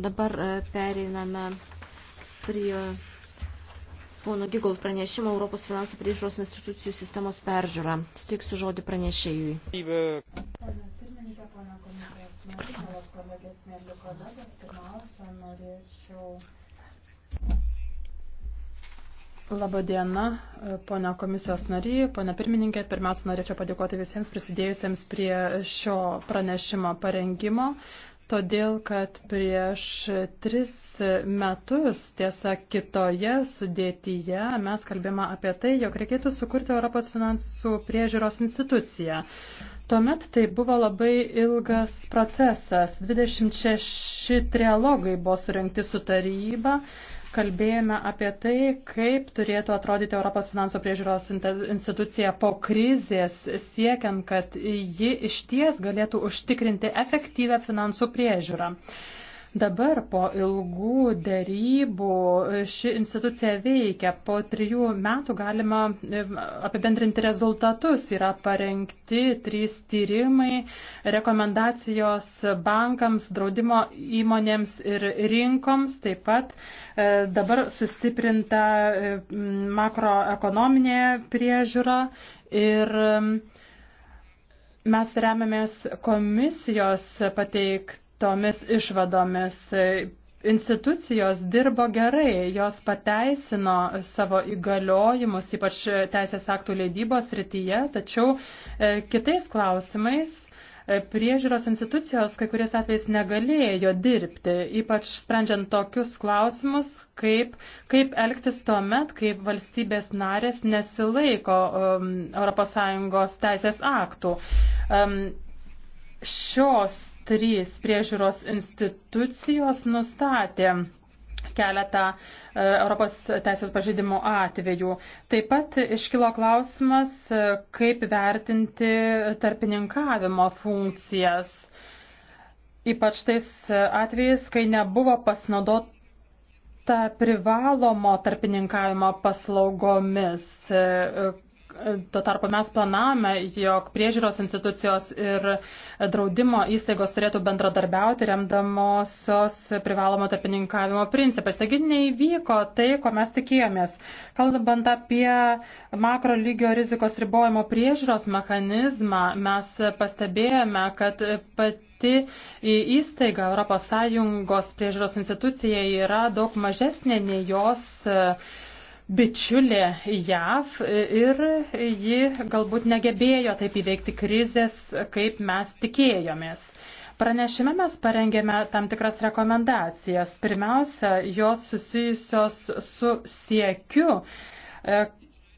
Dabar e, pereiname prie pono Gigol pranešimo Europos finansų priežiūros institucijų sistemos peržiūra. Suteiksiu žodį pranešėjui. Mikrofonas. Pirmiausia, norėčiau Labą dieną, e, ponia komisijos nariai, ponia pirmininkė. Pirmiausia, norėčiau padėkoti visiems prisidėjusiems prie šio pranešimo parengimo todėl kad prieš tris metus, tiesa, kitoje sudėtyje mes kalbėjome apie tai, jog reikėtų sukurti Europos finansų priežiūros instituciją. Tuomet tai buvo labai ilgas procesas. 26 trialogai buvo surinkti su taryba, kalbėjome apie tai, kaip turėtų atrodyti Europos finansų priežiūros institucija po krizės, siekiant, kad ji išties galėtų užtikrinti efektyvę finansų priežiūrą. Dabar po ilgų dėrybų ši institucija veikia. Po trijų metų galima e, apibendrinti rezultatus. Yra parengti trys tyrimai, rekomendacijos bankams, draudimo įmonėms ir rinkoms. Taip pat e, dabar sustiprinta e, makroekonominė priežiūra ir mes remiamės komisijos pateikt tomis išvadomis. Institucijos dirbo gerai, jos pateisino savo įgaliojimus, ypač teisės aktų leidybos rytyje, tačiau e, kitais klausimais e, priežiūros institucijos kai kuriais atvejais negalėjo dirbti, ypač sprendžiant tokius klausimus, kaip, kaip elgtis tuo met, kaip valstybės narės nesilaiko um, ES teisės aktų. Um, šios trys priežiūros institucijos nustatė keletą e, Europos teisės pažeidimų atvejų. Taip pat iškilo klausimas, e, kaip vertinti tarpininkavimo funkcijas, ypač tais atvejais, kai nebuvo pasinaudota privalomo tarpininkavimo paslaugomis, e, Tuo tarpu mes planavome, jog priežiūros institucijos ir draudimo įstaigos turėtų bendradarbiauti remdamosios privalomo tarpininkavimo principais. Taigi neįvyko tai, ko mes tikėjomės. Kalbant apie makro lygio rizikos ribojimo priežiūros mechanizmą, mes pastebėjome, kad pati įstaiga ES priežiūros institucija yra daug mažesnė nei jos bičiulė JAV ir ji galbūt negebėjo taip įveikti krizės, kaip mes tikėjomės. Pranešime mes parengėme tam tikras rekomendacijas. Pirmiausia, jos susijusios su siekiu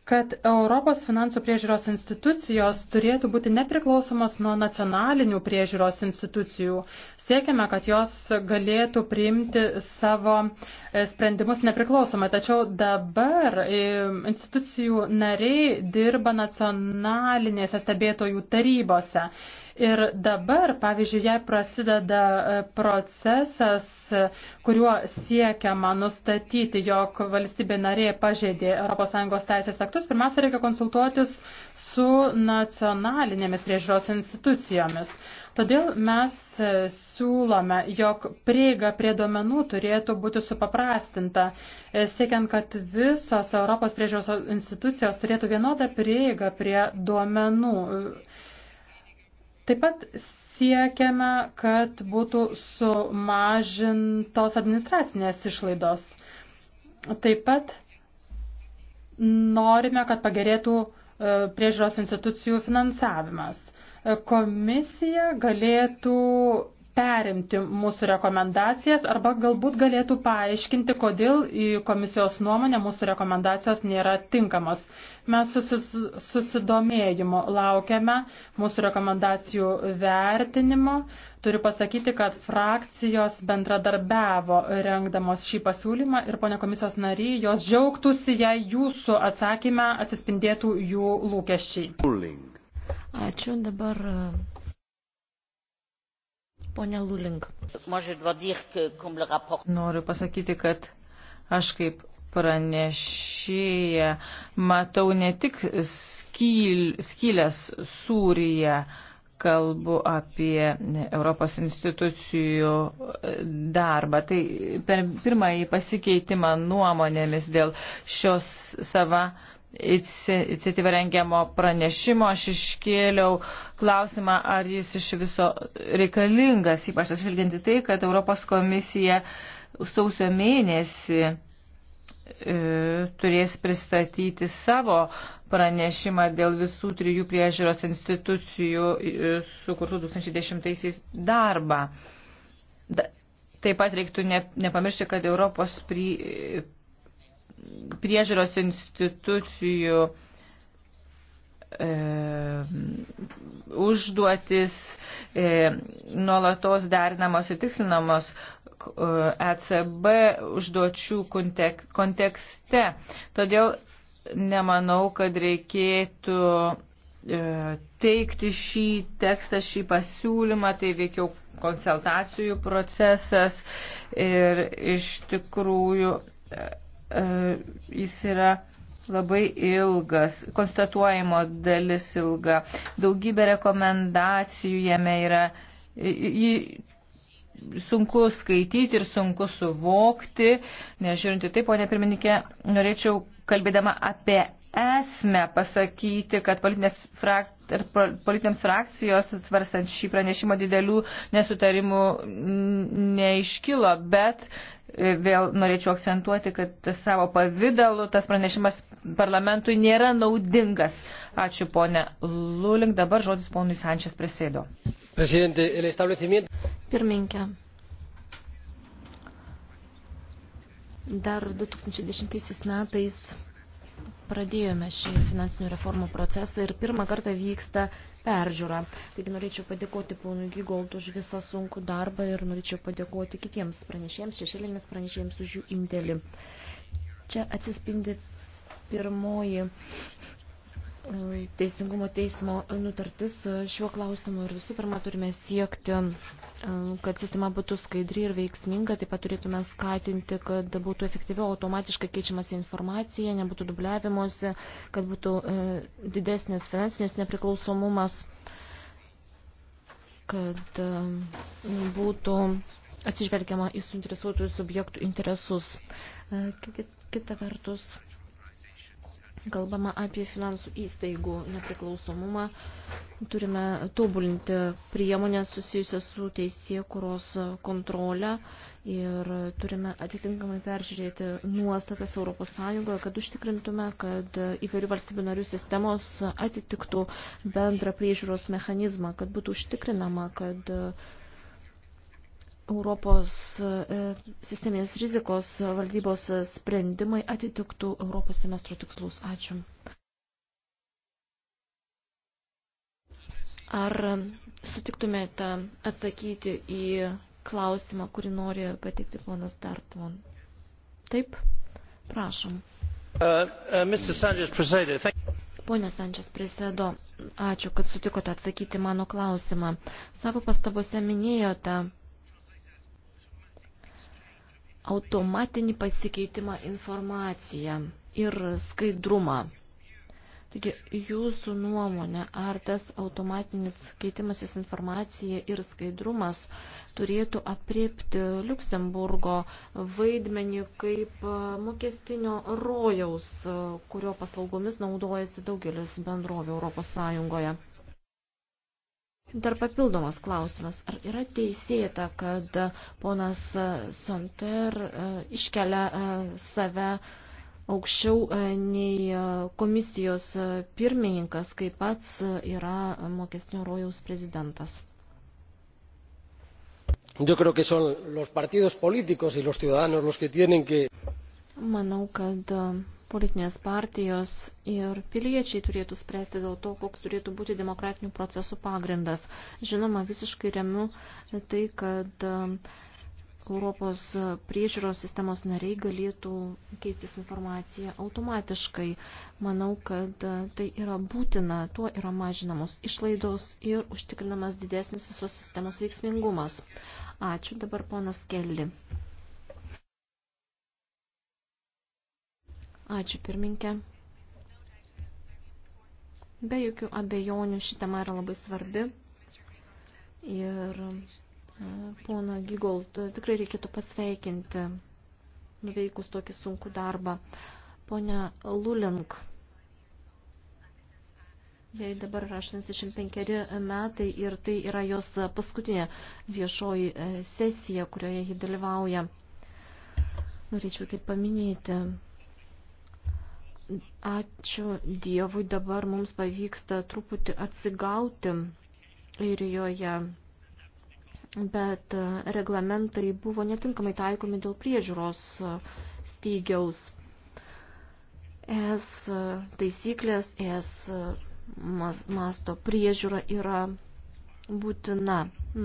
kad Europos finansų priežiūros institucijos turėtų būti nepriklausomas nuo nacionalinių priežiūros institucijų. Siekiame, kad jos galėtų priimti savo e, sprendimus nepriklausomai, tačiau dabar e, institucijų nariai dirba nacionalinėse stebėtojų tarybose. Ir dabar, pavyzdžiui, jei prasideda e, procesas, e, kuriuo siekiama nustatyti, jog valstybė narė pažeidė ES teisės aktus, pirmiausia, reikia konsultuotis su nacionalinėmis priežiūros institucijomis. Todėl mes e, siūlome, jog prieiga prie duomenų turėtų būti supaprastinta, siekiant, kad visos Europos priežiūros institucijos turėtų vienodą prieigą prie duomenų. Taip pat siekiame, kad būtų sumažintos administracinės išlaidos. Taip pat norime, kad pagerėtų e, priežiūros institucijų finansavimas. E, komisija galėtų perimti mūsų rekomendacijas arba galbūt galėtų paaiškinti, kodėl į komisijos nuomonę mūsų rekomendacijos nėra tinkamos. Mes susis, susidomėjimu laukiame mūsų rekomendacijų vertinimo. Turiu pasakyti, kad frakcijos bendradarbiavo rengdamos šį pasiūlymą ir ponia komisijos nary, jos džiaugtųsi, jei jūsų atsakymę atsispindėtų jų lūkesčiai. Ačiū dabar Pone Lulink. Э, Noriu pasakyti, kad aš kaip pranešėja matau ne tik skyl, skylės Sūryje, kalbu apie Europos institucijų e, darbą. Tai per pirmąjį pasikeitimą nuomonėmis dėl šios sava iniciatyva rengiamo pranešimo aš iškėliau klausimą, ar jis iš viso reikalingas, ypač ašvilginti tai, kad Europos komisija sausio mėnesį e, turės pristatyti savo pranešimą dėl visų trijų priežiūros institucijų e, sukurtų 2010 darbą. Da, taip pat reiktų ne, nepamiršti, kad Europos pri, priežiūros institucijų e, užduotis e, nuolatos derinamos ir tikslinamos ECB e užduočių kontekste. Todėl nemanau, kad reikėtų e, teikti šį tekstą, šį pasiūlymą, tai veikiau konsultacijų procesas ir iš tikrųjų e, E, jis yra labai ilgas, konstatuojimo dalis ilga, daugybė rekomendacijų jame yra, jį sunku skaityti ir sunku suvokti, nežiūrinti taip, ponė pirmininkė, norėčiau kalbėdama apie esmę pasakyti, kad politinės frak, politinėms frakcijos svarstant šį pranešimą didelių nesutarimų neiškilo, bet e, vėl norėčiau akcentuoti, kad savo pavydalu tas pranešimas parlamentui nėra naudingas. Ačiū ponė Lulink, dabar žodis ponui Sančias prisėdo. Pirminkė. Dar 2010 metais pradėjome šį finansinių reformų procesą ir pirmą kartą vyksta peržiūra. Taigi norėčiau padėkoti ponui Gigold už visą sunkų darbą ir norėčiau padėkoti kitiems pranešėjams, šešėlėmis pranešėjams už jų indėlį. Čia atsispindi pirmoji Teisingumo teismo nutartis e, šiuo klausimu ir visų pirma turime siekti, e, kad sistema būtų skaidri ir veiksminga, taip pat turėtume skatinti, kad būtų efektyviau automatiškai keičiamas informacija, nebūtų dubliavimuose, kad būtų e, didesnis finansinis nepriklausomumas, kad būtų atsižvelgiama į suinteresuotųjų subjektų interesus. Kita vertus Kalbama apie finansų įstaigų nepriklausomumą. Turime tobulinti priemonės susijusias su teisėkuros kontrolę ir turime atitinkamai peržiūrėti nuostatas ES, kad užtikrintume, kad įvairių valstybių narių sistemos atitiktų bendrą priežiūros mechanizmą, kad būtų užtikrinama, kad Europos e, sisteminės rizikos valdybos sprendimai atitiktų Europos semestro tikslus. Ačiū. Ar sutiktumėte atsakyti į klausimą, kurį nori pateikti ponas Dartvon? Taip, prašom. Uh, uh, Pone Sančias Prisėdo, ačiū, kad sutikote atsakyti mano klausimą. Savo pastabose minėjote, automatinį pasikeitimą informaciją ir skaidrumą. Taigi, jūsų nuomonė, ar tas automatinis keitimasis informacija ir skaidrumas turėtų apriepti Luksemburgo vaidmenį kaip mokestinio rojaus, kurio paslaugomis naudojasi daugelis bendrovė Europos Sąjungoje? Dar papildomas klausimas. Ar yra teisėta, kad ponas Sonter e, iškelia e, save aukščiau e, nei komisijos pirmininkas, kaip pats yra mokesnio rojaus prezidentas? Yo creo que son los partidos políticos y los ciudadanos los que tienen que. Manau, kad politinės partijos ir piliečiai turėtų spręsti dėl to, koks turėtų būti demokratinių procesų pagrindas. Žinoma, visiškai remiu tai, kad um, Europos priežiūros sistemos nariai galėtų keistis informaciją automatiškai. Manau, kad uh, tai yra būtina, tuo yra mažinamos išlaidos ir užtikrinamas didesnis visos sistemos veiksmingumas. Ačiū dabar ponas Kelly. Ačiū pirminkė. Be jokių abejonių ši tema yra labai svarbi. Ir e, pona Gigold e, tikrai reikėtų pasveikinti nuveikus tokį sunkų darbą. Pone Lulink, jai dabar yra 85 metai ir tai yra jos paskutinė viešoji e, sesija, kurioje ji dalyvauja. Norėčiau tai paminėti. Ačiū Dievui, dabar mums pavyksta truputį atsigauti Irijoje, bet e, reglamentai buvo netinkamai taikomi dėl priežiūros e, stygiaus. Es e, taisyklės, es masto priežiūra yra būtina.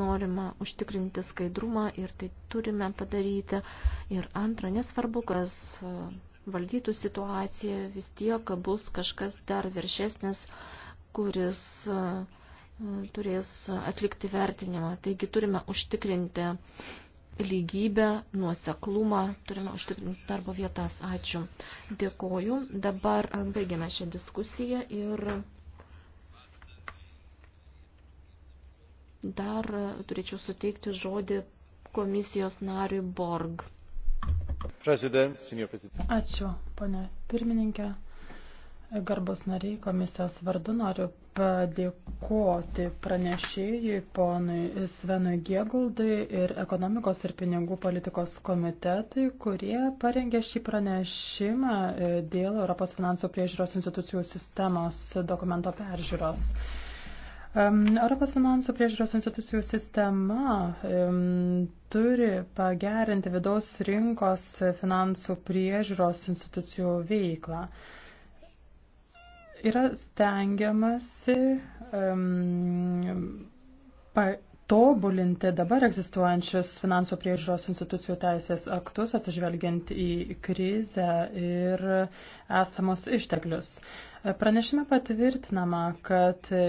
Norima užtikrinti skaidrumą ir tai turime padaryti. Ir antra, nesvarbu, kas valdytų situaciją, vis tiek bus kažkas dar viršesnis, kuris e, turės atlikti vertinimą. Taigi turime užtikrinti lygybę, nuoseklumą, turime užtikrinti darbo vietas. Ačiū. Dėkoju. Dabar e, baigiame šią diskusiją ir dar turėčiau suteikti žodį komisijos nariui Borg. Ačiū, pane pirmininkė. Garbus nariai, komisijos vardu noriu padėkoti pranešėjui ponui Svenui Gieguldai ir ekonomikos ir pinigų politikos komitetui, kurie parengė šį pranešimą e, dėl Europos finansų priežiūros institucijų sistemos dokumento peržiūros. Europos finansų priežiūros institucijų sistema turi pagerinti vidaus rinkos finansų priežiūros institucijų veiklą. Yra stengiamasi um, pa, tobulinti dabar egzistuojančius finansų priežiūros institucijų teisės aktus, atsižvelgiant į krizę ir esamos išteklius. Pranešime patvirtinama, kad e,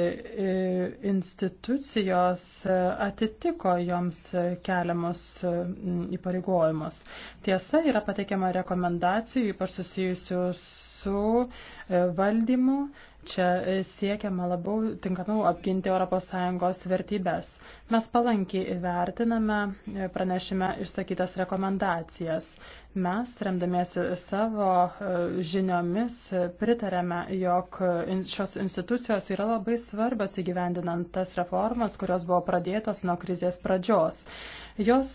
institucijos atitiko joms keliamus įpareigojimus. Tiesa, yra pateikiama rekomendacijų, ypač susijusių su e, valdymu Čia e, siekiama labiau tinkamiau apginti ES vertybės. Mes palankiai vertiname e, pranešime išsakytas rekomendacijas. Mes, remdamiesi savo e, žiniomis, pritarėme, jog šios institucijos yra labai svarbios įgyvendinant tas reformas, kurios buvo pradėtos nuo krizės pradžios. Jos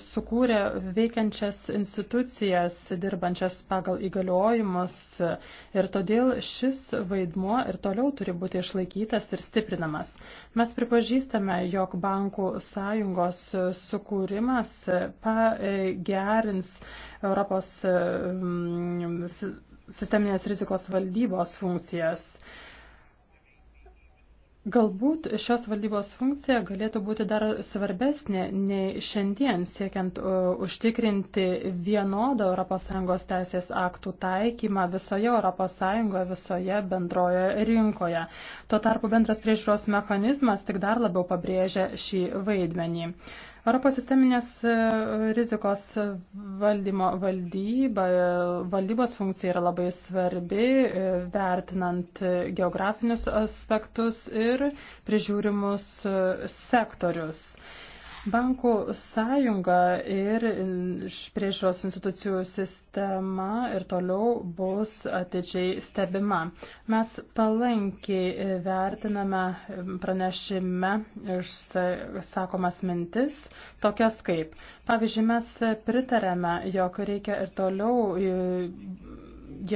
sukūrė veikiančias institucijas, dirbančias pagal įgaliojimus ir todėl šis vaidmuo vaidmuo ir toliau turi būti išlaikytas ir stiprinamas. Mes pripažįstame, jog bankų sąjungos sukūrimas pagerins Europos mm, sisteminės rizikos valdybos funkcijas. Galbūt šios valdybos funkcija galėtų būti dar svarbesnė nei šiandien siekiant užtikrinti vienodą ES teisės aktų taikymą visoje ES, visoje bendroje rinkoje. Tuo tarpu bendras priežiūros mechanizmas tik dar labiau pabrėžia šį vaidmenį. Europos sisteminės e, rizikos valdymo valdyba, e, valdybos funkcija yra labai svarbi, e, vertinant geografinius aspektus ir prižiūrimus sektorius. Bankų sąjunga ir priežiūros institucijų sistema ir toliau bus atidžiai stebima. Mes palankiai vertiname pranešime išsakomas mintis, tokias kaip. Pavyzdžiui, mes pritarėme, jog reikia ir toliau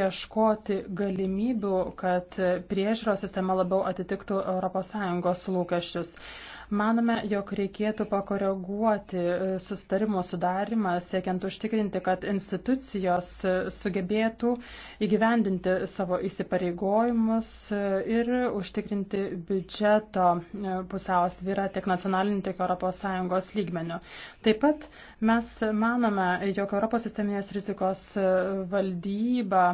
ieškoti galimybių, kad priežiūros sistema labiau atitiktų ES lūkesčius. Manome, jog reikėtų pakoreguoti e, sustarimo sudarimą, siekiant užtikrinti, kad institucijos e, sugebėtų įgyvendinti savo įsipareigojimus e, ir užtikrinti biudžeto pusiausvyrą tiek nacionaliniu, tiek ES lygmeniu. Taip pat mes manome, jog Europos sisteminės rizikos valdyba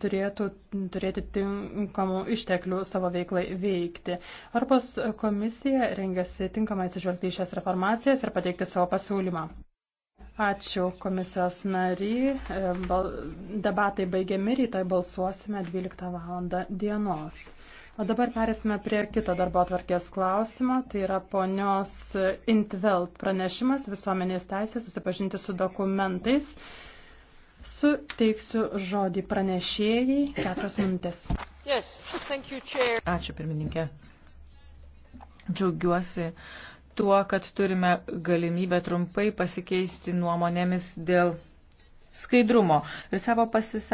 turėtų turėti tinkamų išteklių savo veiklai veikti. Europos komisija rengiasi tinkamai atsižvelgti į šias reformacijas ir pateikti savo pasiūlymą. Ačiū komisijos nary. E, debatai baigiami, rytoj balsuosime 12 val. dienos. O dabar perėsime prie kito darbo atvarkės klausimo. Tai yra ponios Intvelt pranešimas visuomenės teisė susipažinti su dokumentais. Suteiksiu žodį pranešėjai. Keturios minutės. Yes, you, Ačiū pirmininkė. Džiaugiuosi tuo, kad turime galimybę trumpai pasikeisti nuomonėmis dėl skaidrumo. Ir savo pasisakymą.